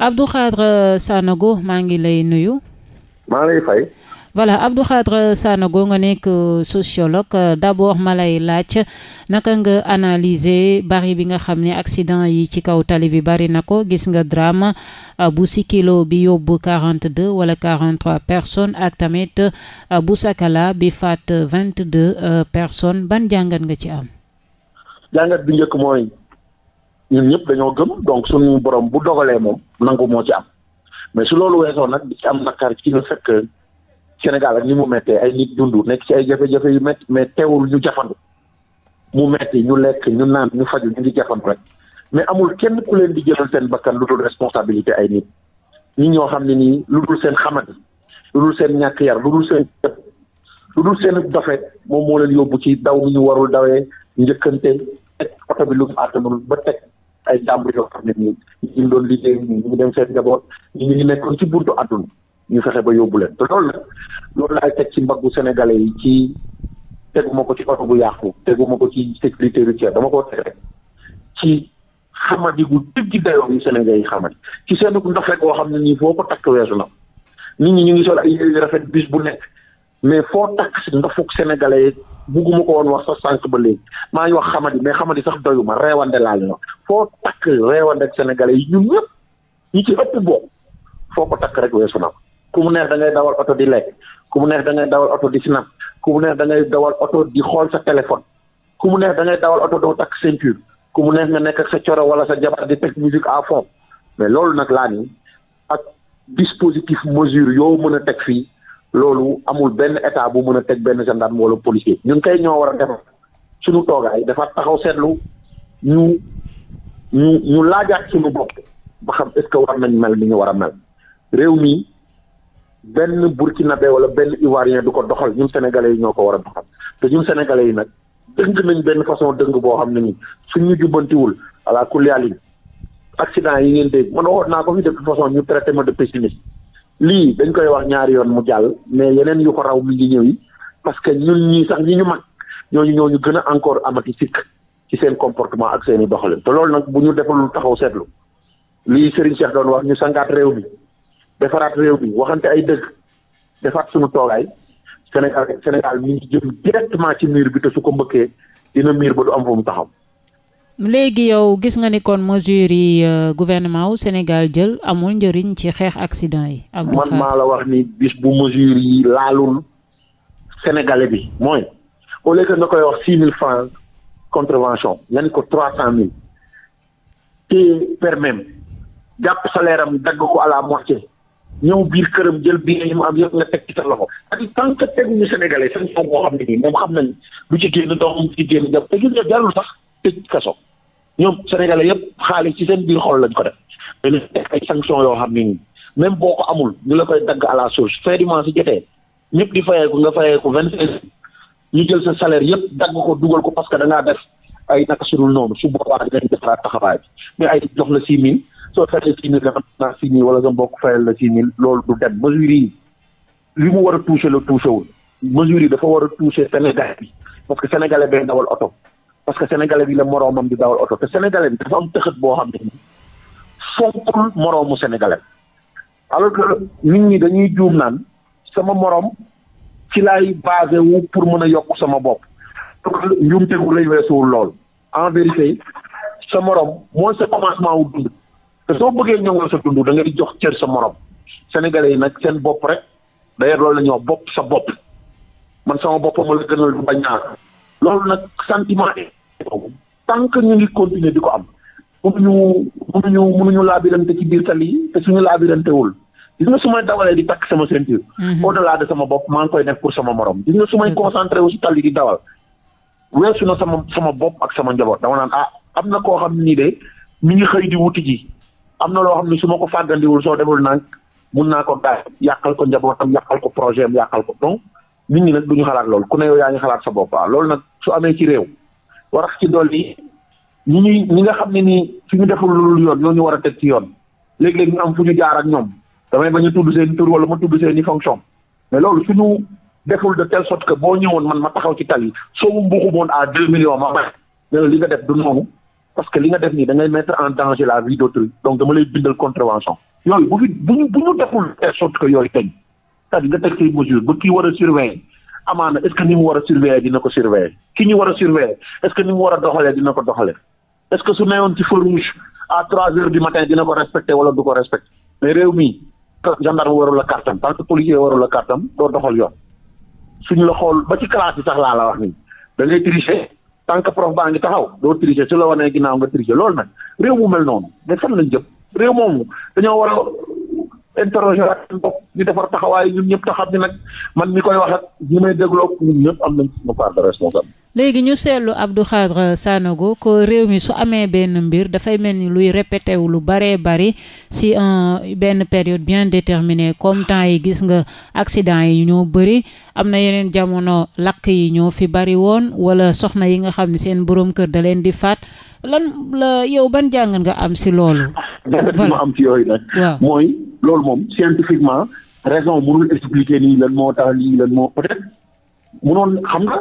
Abdou Khadre Sanogo maa ngi lay nuyu. maa lay fay. voilà Abdou Khadre Sanogo nga nekk euh, sociologue euh, d'abord ma lay laaj naka nga analyser bari bi nga xam ne accident yi ci kaw tali bi bari na ko gis nga drame euh, bu Sikilo bi yóbbu 42 wala 43 personnes ak tamit bu Sakala bi faat 22 personnes ban jàngat nga ci am. jàngat bi njëkk mooy ñun ñëpp dañoo gëm donc suñu borom bu dogalee moom. nangu moo ci am mais su loolu weesoo nag di ci am nakar ci la fekk Sénégal ak ni mu méttee ay nit dund nekk ci ay jafe-jafe yu métti mais teewul ñu jafandu mu metti ñu lekk ñu naan ñu faju ñu ngi jafandu rek mais amul kenn ku leen di jëlal seen bakkan lu dul responsabilité ay nit ñi ñoo xam ne nii lu dul seen xamadi lu dul seen ñàkk yar lu dul seen lu dul seen dofet moom moo leen yóbbu ci daw mi ñu warul dawee njëkkante teg oto bi lu mu àttanul ba teg ay jàmbur yoo xam ne nii ñu doon liggéey ñu ngi dem seen njaboot ñu ngi nekkoon ci buntu àdduna ñu fexe ba yóbbu leen te loolu la loolu laay teg ci mbaggu sénégalais yi ci teguma ko ci oto bu yàqu teguma ko ci sécurité routière dama ko teg rek ci xamadi gu dëgg dayoo yu sénégalais yi xamadi ci seen ndox rek boo xam ne nii foo ko takk weesu la nit ñi ñu ngi sol ay rafet bis bu nekk mais foo takk si ndafuk sénégalais bugguma ko woon wax sax sànq ba léegi maa ngi wax xamadi mais xamadi sax doyuma reewande laa leen wax foo takk reewande ak sénégalais yi ñun ñëpp ñu ci ëpp bokk foo ko takk rek weesu na ku mu neex da ngay dawal oto di lekk ku mu neex da ngay dawal oto di sinap ku mu neex da ngay dawal oto di xool sa téléphone ku mu neex da ngay dawal oto doo takk ceinture ku mu neex nga nekk sa coro wala sa jabar di teg musique à fond mais loolu nag laa ak dispositif mesure yoo mën a teg fii loolu amul benn état bu mën a teg benn gendarme wala policier ñun kay ñoo war a defar suñu toogaay dafa taxaw seetlu ñu ñu ñu laajaat suñu bopp ba xam est-ce que war nañ mel ni ñu war a mel réew mi benn burkinabé wala benn ivoirien du ko doxal ñun senegale yi ñoo ko war a doxal te ñun sénégalais yi nag dëng nañ benn façon dëng boo xam ne ni suñ ñu jubbantiwul ala kulli yi ngeen dégg man waxoon naa ko fi de toute façon ñu traité ma de pessimiste lii dañ koy wax ñaari yoon mu jàll mais yeneen yu ko raw mi ngi ñëw yi parce que ñun ñii sax ñi ñu mag ñooñu ñooñu gën a encore amati sikk ci seen comportement ak seen i doxalin te loolu nag bu ñu defalul taxaw seetlu lii Serigne Cheikh doon wax ñu sangaat réew mi defaraat réew mi waxante ay dëgg defaat suñu toogaay Sénégal Sénégal mi ngi jëm directement ci miir bi te su ko mbëkkee dina miir ba du am fu mu taxaw. léegi yow gis nga ni kon mesures yi euh, gouvernement wu Sénégal jël amul njëriñ ci xeex accident yi. man maa la wax ni bis bu mesures yi laalul sénégalais bi mooy au lieu que nga koy wax six mille francs contravention nga ni ko trois cent mille te permis jàpp salaire dagg ko à la moitié ñëw biir këram jël biir yi mu am yëpp nga teg ci sa loxo. parce que tant que teguñu sénégalais moom moo xam ne nii moom xam nañ lu ci génn doomam ci génn jàpp te gis nga jarul sax tëj kaso. ñoom sénégalais yëpp xaalis ci seen biir xol lañ ko def dañu yoo xam ne nii même boo ko amul ñu la koy dagg à la source fin du mois su jotee ñëpp di fayeeku nga fayeeku vingt cinq ñu jël sa salaire yëpp dagg ko dugal ko parce que da ngaa def ay naka sudul noonu su boobaa dinañ defaraat taxawaay bi mais ay jox la six mille soo fayee six mille dafa wala sa mbokk fayal la six mille loolu du dem mesure yi li mu war a touché la touché wul mesure yi dafa war a touché Sénégal bi parce que sénégalais bay dawal oto parce que sénégalais yi la moroomam di dawal oto te sénégalais bi dafa am tëxët boo xam ne fonkul moroomu sénégalais alors que nit ñi dañuy juum naan sama moroom ci laay basé wu pour mën a yokk sama bopp njuumte gu rëy weesuwul lool en sa moroom mooy sa commencement wu dund te soo bëggee ñoŋal sa dund da ngay jox cër sa moroom sénégalais yi nag seen bopp rek d'ailleurs loolu la ñuy bopp sa bopp man sama boppam la gënal du bañ naa loolu nag sentiment boobu tant que ñu ngi continuer di ko am mun ñu mënuñu mënuñu mënuñu laabirante ci biir tali yi te suñu laabirantewul gis nga su may dawalee di takk sama ceinture. Mhm. au delà de sama bopp maa ngi koy nekk pour sama morom gis nga su may concentré wu si tali di dawal weesu na sama sama bopp ak sama njaboot dama naan ah am na koo xam nii de mi ngi xëy di wuti ji am na loo xam ne suma ko fàggandiwul soo deful nag mun naa ko daal yàqal ko njabootam yàqal ko projet yàqal ko donc nit ñi ñu xalaat loolu ku ne yow yaa ngi xalaat sa bopp waaw loolu nag su amee ci réew. war a ci dolli ñi ñuy ñi nga xam ne ni fi ñu deful lu yoon ñoo ñu war a teg ci yoon léeg-léeg ñu am fu ñu jaar ak ñoom damay ba a tudd seen tur wala ma tudd seen i fonction mais loolu suñu deful de telle sorte que boo ñëwoon man ma taxaw ci tali soo mu mbuxumoon à deux millions ma may ne li nga def du noonu parce que li nga def nii da ngay mettre en danger la vie d'autrui donc dama lay bindal contravention yooyu bu fi bu ñu bu ñu deful telle yooyu teñ cest nga teg say mesure ba kii war a surveiller amaana est-ce que ni mu war a surveiller dina ko surveiller ki ñu war a surveiller est-ce que ni mu war a doxalee dina ko doxalee est-ce que su newoon ci feu rouge à trois heures du matin dina ko respecter wala du ko respecter mais réew mi gendarme warul la kartam tant que policier warul la kartam doo doxal yoon suñu la xool ba ci classe sax laa la wax nii da ngay tricher tant que prof baa ngi taxaw doo tricher su la wanee ginnaaw nga tricher loolu nag réew mu mel a interroger ak seen bopp ñu defar taxawaay ñun ñëpp taxaw ni nag man mi koy wax ak ñi may dégloo ñun ñëpp am nañ suñu part de responsable léegi ñu seetlu Abdou Khadre Sanogo ko réew mi su amee benn mbir dafay mel ni luy répété wu lu baree bari si un benn période bien déterminée comme temps yi gis nga accident yi ñoo bëri am na yeneen jamono lakk yi ñoo fi bari woon wala soxna yi nga xam ni seen boroom kër da leen di faat lan la yow ban jàngat nga am si loolu. voilà am mooy loolu moom scientifiquement raison mënul expliquer nii lan moo tax lii lan moo peut-être mënoon xam nga.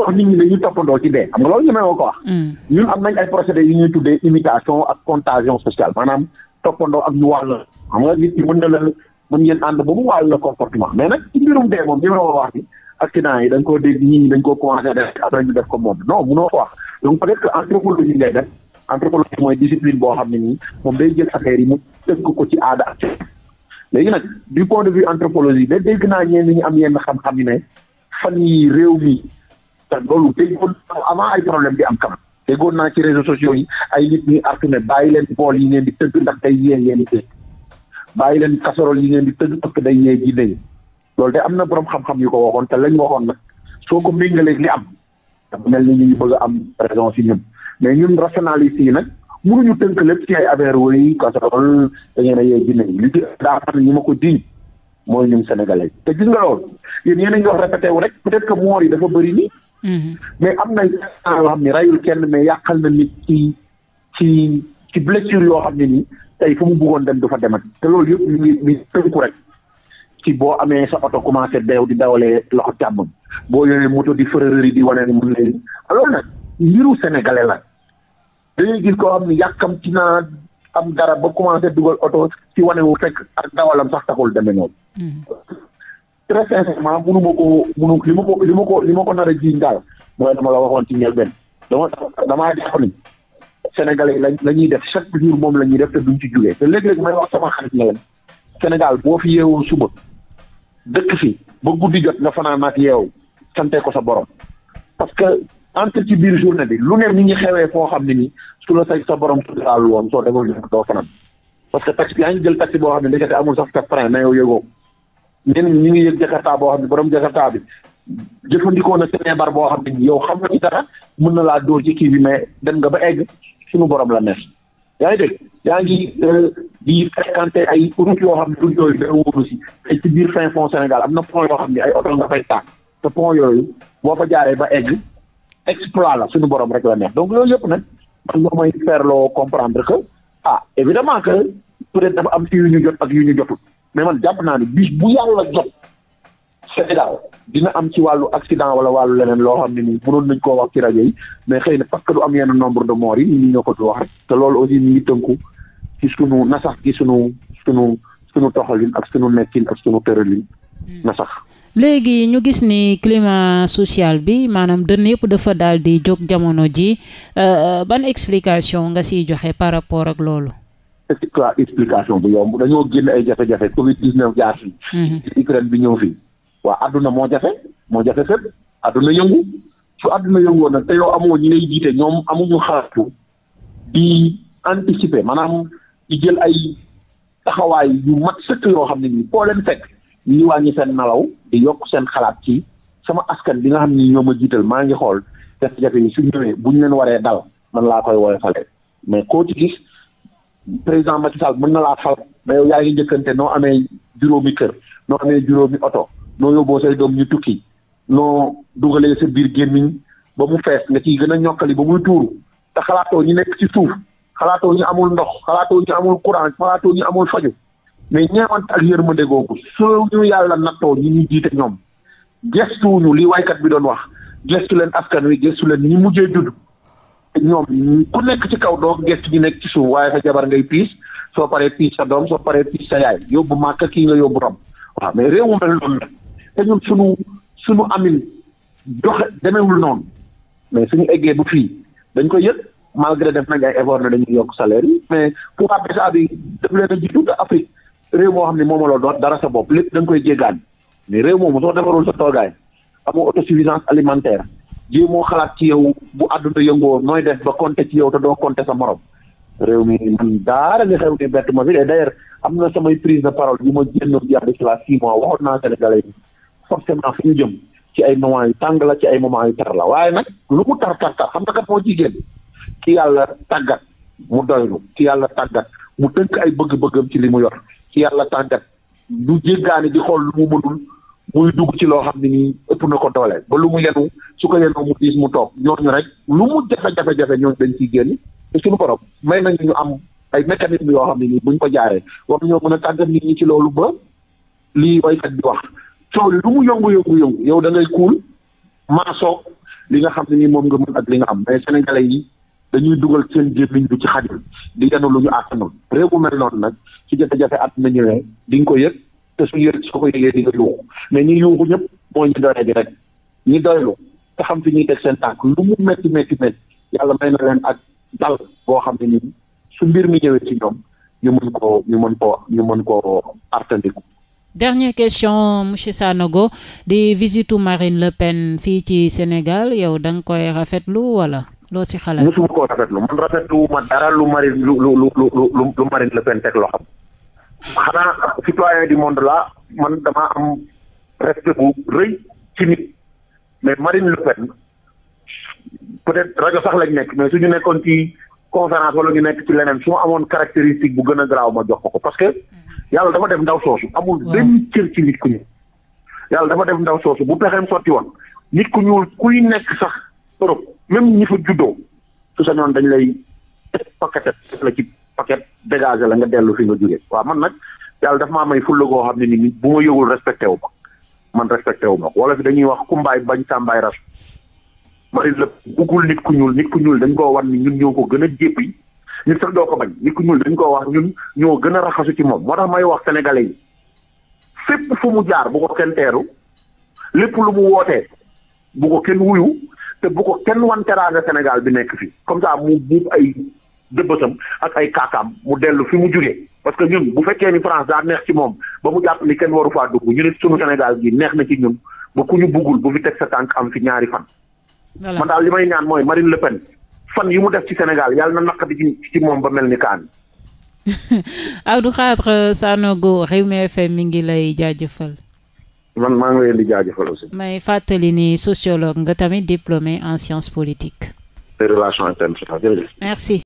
wax nit ñi ne ñu toppandoo ci dee xam nga loolu ñu may woo ko wax. Mm. ñun am nañ ay procédés yu ñuy tuddee imitation ak contagion sociale maanaam toppandoo ak ñu wàll. xam nga nit ñi mën na la mën ñeen ànd ba mu wàll la comportement mais nag ci mbirum dee moom li ma la wax ni accident yi dañ koo dégg ñii dañ koo commencé def après ñu def ko moom non mënoo ko wax donc peut être que anthropologie ngay def anthropologie mooy discipline boo xam ne nii moom day jël affaire yi mu tënk ko ci léegi nag du point de vue anthropologie da dégg naa ñeen ñi am yenn xam-xam yi ne fan yi réew mi loolu déggoon avant ay problème di am kam déggoon naa ci réseaux sociaux yi ay nit ñuy artu ne bàyyi leen bool yi ngeen di tëgg ndax day yee yéen i bàyyi leen casserole yi ngeen di tëgg parce que day yee jinne yi loolu de am na borom xam yu ko waxoon te lañ waxoon nag soo ko méngaleeg li am dafa mel ni ñu a am raison si ñun mais ñun rationalistes yi nag mënuñu tënk lépp ci ay affaire wëy casserole da ngeen a yee jinne li ci daa xam ne ñu ma ko diñ mooy ñun sénégalais te gis nga loolu yéen yéen a wax répété wu rek peut-être que moor yi dafa bëri nii Mm-hmm. mais am na instant yoo xam ne rayul kenn mais yàqal na nit ci ci ci blessure yoo xam ne nii tey fu mu bëggoon dem du fa demat te loolu yëpp ñu ngi ñu tënku rek ci boo amee sa oto commencé deew di dawalee loxo càmmoñ boo yoree moto di fërërëri di wane ne mun leen alors nag mbiru sénégalais la dañuy gis koo xam ne yàkkam ci naa am dara ba commencé dugal oto ci wane wu fekk ak dawalam sax taxul demee noonu. Mm-hmm. très sincèrement mënu ma ko mënu li ma ko li ma ko li ma ko nar a jiiñ daal mooy dama la waxoon ci njëlbeen dama damaa jàpp ni Sénégalais yi la ñuy def chaque jour moom la ñuy def te duñ ci jugee te léeg-léeg may wax sama xarit na leen Sénégal boo fi yeewoo suba dëkk fi ba guddi jot nga fanaan ak yeewu sante ko sa borom parce que entre ci biir journée bi lu ne ni ñu xewee foo xam ni ni su la sa sa borom tuddaal woon soo demoon doo fanaan parce que taxi yaa jël taxi boo xam ne ndekete sax sa ñeneen ñu ngi yëg jakarta boo xam ne borom jakarta bi jëfandikoo na seen bar boo xam ne yow xam nga ci dara mën na laa dóor ci kii bi mais dem nga ba egg suñu borom la neex yaa ngi dégg yaa ngi euh, di fréquenté ay route yoo xam ne route yooyu dara wóolu ci biir fin fond Sénégal am na pont yoo xam ne ay oto nga yooyu boo fa jaaree ba egg exploit la suñu borom rek la neex donc loolu yëpp nag man moom mooy faire loo comprendre que ah évidemment que peut-être dafa am ci yu ñu jot ak yu ñu jotul. mais man jàpp naa ne bis bu yàlla jot dina am ci wàllu accident wala wàllu leneen loo xam ne nii mënoon nañ koo wax ci yi mais xëy na parce que du am yenn nombre de morts yi nit ñoo ko du wax rek te loolu aussi ñu ngi tënku sunu na sax ci sunu sunu sunu toxalin ak sunu nekkin ak sunu tëralin hmm. na sax. léegi ñu gis ni climat social bi maanaam dënn yëpp dafa daal di jóg jamono ji euh, euh, ban explication nga si joxe par rapport ak loolu. quoi explication bu yomb dañoo génn ay jafe-jafe Covid 19 jaar fi. Mhm. Ukraine bi ñëw fi. waa adduna moo jafe moo jafe fépp adduna yëngu su adduna yëngoo nag te yow amoo ñu lay jiite ñoom amuñu xalaatu di anticiper maanaam di jël ay taxawaay yu mat sëkk yoo xam ne nii foo leen fekk ñu wàññi seen nalaw di yokk seen xalaat ci sama askan bi nga xam ni ñoo ma jiital maa ngi xool jafe-jafe yi su ñëwee bu ñu leen waree dal man laa koy woyofalee mais président Macky Sall mën na laa fal mais yow yaa ngi njëkkante noo amee juróomi kër noo amee juróomi oto noo yóbboo say doom ñu tukki noo dugalee sa biir gémmiñ ba mu fees nga ciy gën a ñokkali ba muy tuuru te xalaatoo ñu nekk ci suuf xalaatoo ñu amul ndox xalaatoo ñu amul courant xalaatoo ñu amul faju mais ñeewant ak yërmande googu soo ñu yàlla nattoo ñu ñuy jiite ñoom gestuwuñu li waykat bi doon wax gestu leen askan wi gestu leen ñi mujjee judd ñoom ku nekk ci kaw doo gëstu ñu nekk ci suuf waaye sa jabar ngay piis soo paree piis sa doom soo paree piis sa yaay yóbbu màkk kii nga yóbbu rab waaw mais réew mu mel noonu la te ñun suñu suñu amin doxe demewul noonu mais suñu eggee bu fii dañ koy yëg malgré def nañ ay effort ne yokk salaire yi mais pouvoir d'achat daf leen a jiitu te Afrique réew moo xam ne moom la doon dara sa bopp lépp dañ koy jéggaan mais réew moomu soo defarul sa toogaay amoo autosuffisance alimentaire lii moo xalaat ci yow bu àdduna yëngoo nooy def ba compter ci yow te doo compter sa morom réew mi man daara li xew ni bett ma fi de d'ailleurs am na samay prise de parole yu ma génnoon yàlla ci la six waxoon naa Sénégalais forcément fu ñu jëm ci ay moments yu tàng la ci ay moments yu tar la waaye nag lu mu tar tar tar xam nga kat moo ciy génn ki yàlla tàggat mu doylu ki yàlla tàggat mu tënk ay bëgg-bëggam ci li mu yor ci yàlla tàggat du jéggaani di xool lu muy dugg ci loo xam ne nii ëpp na ko doole ba lu mu yenu su ko yenoo mu diis mu toog ñooñu rek lu mu jafe-jafe-jafe dañ ciy génn te suñu may nañu ñu am ay mécanisme yoo xam ne nii buñ ko jaaree war ñoo mën a tàggat nit ñi ci loolu ba lii waykat bi wax coow lu mu yëngu-yëngu-yëngu yow da ngay kuul maasoog li nga xam ne nii moom nga mën ak li nga am mais sénégalais yi dañuy dugal seen gémmiñ bi ci xajul di yenu lu ñu àttanul réew mu mel noonu nag ci jafe-jafe at na ñëwee di ko yëg te su yëre soo ko yëgee di nga mais ñi yuuxu ñëpp mooy ñu doyee rek ñi doylu te xam fi ñuy teg seen tànk lu mu métti métti métti yàlla may na leen ak dal boo xam ne nii su mbir mi ñëwee ci ñoom ñu mën koo ñu mën koo ñu mën koo artandiku dernière question monsieur Sanogo di visitu Marine Le Pen fii ci Sénégal yow da nga koy rafetlu wala loo si xalaat. musuma koo rafetlu man rafetlu ma dara lu Marine lu lu lu lu Marine Le Pen teg loo xam xanaa citoyen du monde la man damaa am respect bu rëy ci nit mais Marine Le Pen peut-être rajo sax lañ nekk mais su ñu nekkoon ci conférence wala ñu nekk ci leneen su ma amoon caractéristique bu gën a garaaw ma jox ko ko parce que yàlla dafa def ndaw soosu amul benn cër ci nit ku ñuul yàlla dafa def ndaw soosu bu pexeem sotti woon nit ku ñuul kuy nekk sax Europe même ñi fa juddoo su sa noonu dañ lay pakkatet la ci paquet dégagé la nga dellu fi nga jógee waaw man nag yàlla daf maa may fulla koo xam ne ni bu ma yëgul respecté wu ma man respecté wu ma wala fi dañuy wax kumbaay bañ sàmbaay ras Marine Le Pen buggul nit ku ñuul nit ku ñuul dañ koo wan ni ñun ñoo ko gën a jéppi nit sax doo ko bañ nit ku ñuul dañ koo wax ñun ñoo gën a raxasu ci moom moo tax may wax sénégalais yi fépp fu mu jaar bu ko kenn teeru lépp lu mu wootee bu ko kenn wuyu te bu ko kenn wan teraanga Sénégal bi nekk fi comme ça mu ay dëbbatam ak ay kaakaam mu dellu fi mu jugee parce que ñun bu fekkee ni France daa neex ci moom ba mu jàpp ni kenn waru faa dugg ñu ne sunu Sénégal gi neex na ci ñun ba ku ñu buggul bu fi teg sa tànk am fi ñaari fan. man daal li may ñaan mooy Marine Le Pen fan yi mu def ci Sénégal yàlla na naqati ci ci moom ba mel ni kaan. Abdou Khadre euh, Sanogo Rewmi FM mi ngi lay jaajëfal. man maa ngi leen di jaajëfal aussi. may fàttali ni sociologue nga tamit diplômé en sciences politiques. et